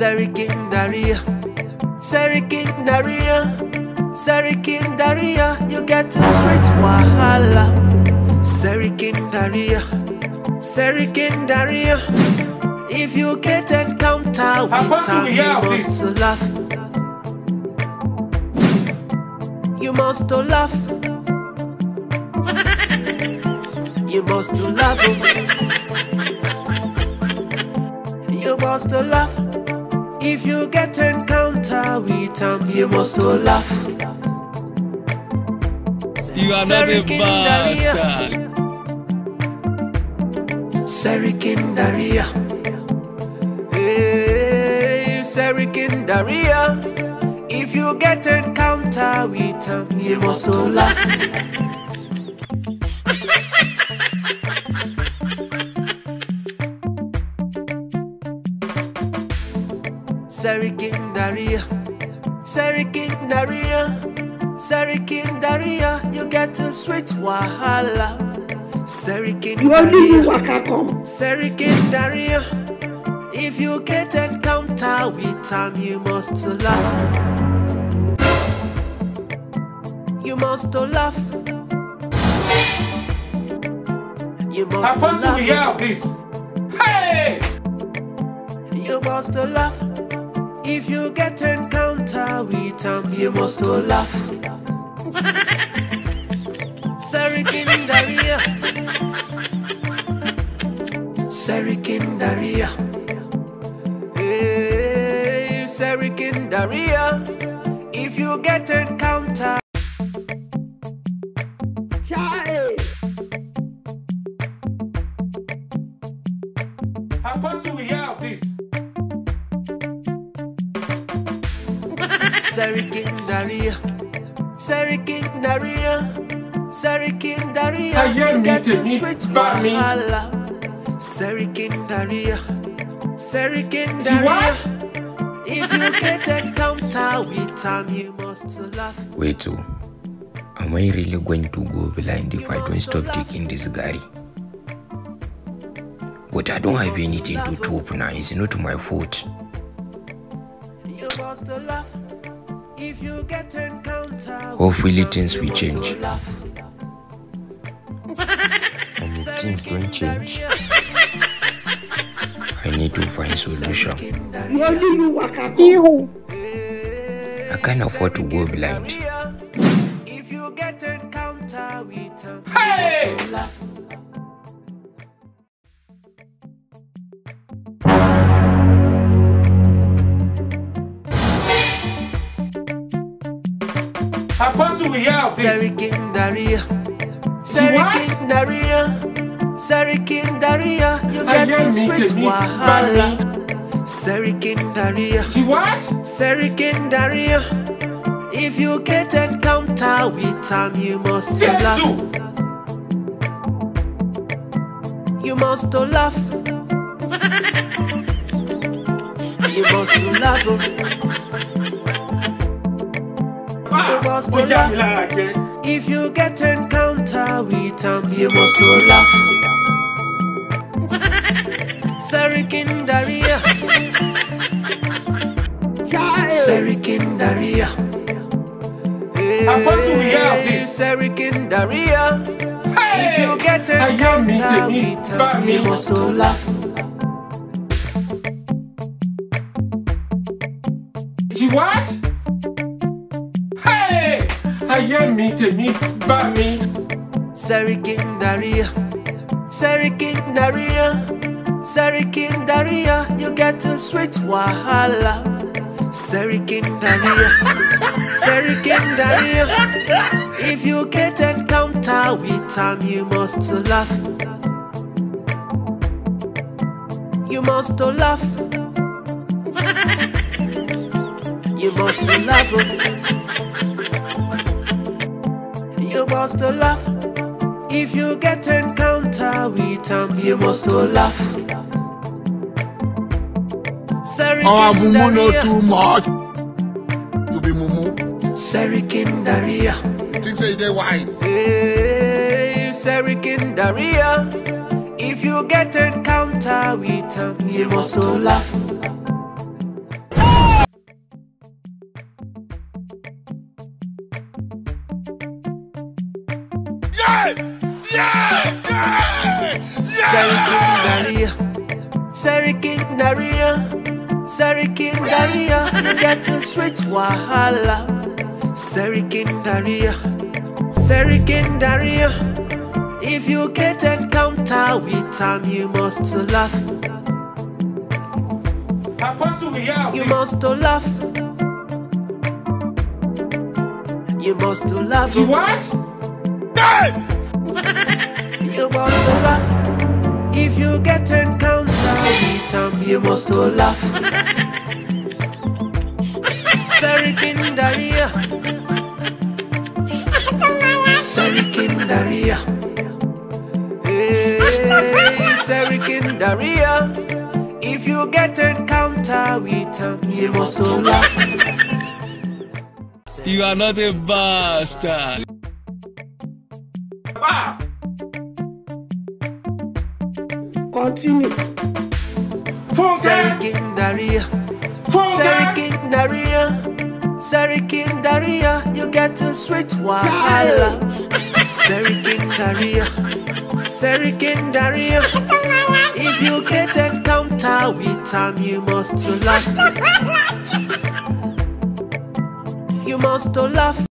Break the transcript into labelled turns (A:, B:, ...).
A: Serikin Daria, Serikin Daria, Serikin Daria, you get a sweet wahala. Serikin Daria, Serikin Daria, if you get encounter with her, you must laugh. You must laugh. You must laugh. You must laugh. If you get encounter with him, you must to laugh. You are not a bastard. Serikin Daria. Hey, Serikin Daria. If you get encounter with him, you must to laugh. Serikin Daria. Serikin Daria. Serikin Daria. You get a sweet wahala. Serikin Daria. Serikin Daria. If you get encounter with time, you must laugh. You must laugh. You must I want to hear this. Hey! You must laugh you get encounter with him, you must to laugh. Serikindaria, Serikindaria, Daria. Hey, Serikindaria. Daria. If you get encounter. Child. How come do we have this? Serikin Daria. Serikin Daria. Serikin Daria. Are you getting sweet by me? Serikin Daria. Serikin Daria. If you get encounter with time, you must laugh. Wait, too. Am I really going to go blind if I don't stop taking this Gary? But I don't have anything to chop now, it's not my fault. You must laugh. Hopefully things will change. and if things don't change, I need to find solution. I can't afford to go blind. Hey! Serikin Daria. Serikin Daria. Serikin Daria. You get to switch Wahala. Serikin Daria. She what? Serikin Daria. If you get encounter with time, you must yes, laugh. You must laugh. you must laugh. Oh if you get encounter with him, um, you must go laugh. Sorry, Daria. Sorry, Daria. Sorry, Serikin if you get encounter with him, um, you must go laugh. ayé mi tèmi bá mi. Sẹ́ríkì ń darí ya, Sẹ́ríkì ń darí ya, Sẹ́ríkì ń darí ya, you get a sweet wahala. Sẹ́ríkì ń darí ya, Sẹ́ríkì ń darí ya, if you get encounter with time you must to laugh. You must to laugh. You must to laugh. Oh supposed to laugh. If you get encounter with him, you must to laugh. Seri ah, mumu no too much. You be mumu. Serikin Daria. Think say they wise. Hey, Serikin Daria. If you get encounter with him, you must to laugh. Sarikin Daria, Sarikin Daria, Sarikin Daria, get a switch wahala. Sarikin Daria, Sarikin Daria. If you get encounter with time, you must laugh. You must laugh. You must laugh. What? Hey! on the rack. If you get encounter counts, i You must all laugh. Sorry, Kindaria. Sorry, Kindaria. Hey, sorry, Kindaria. If you get encounter with him, you must laugh. You are not a bastard. Ah! Continue. Funke. Eh? Eh? Daria. Sarikin Daria. Sarikin Daria, you get a sweet wahala. Sarikin Daria, Sarikin Daria. If you get encounter with time, you must to laugh. You must to laugh.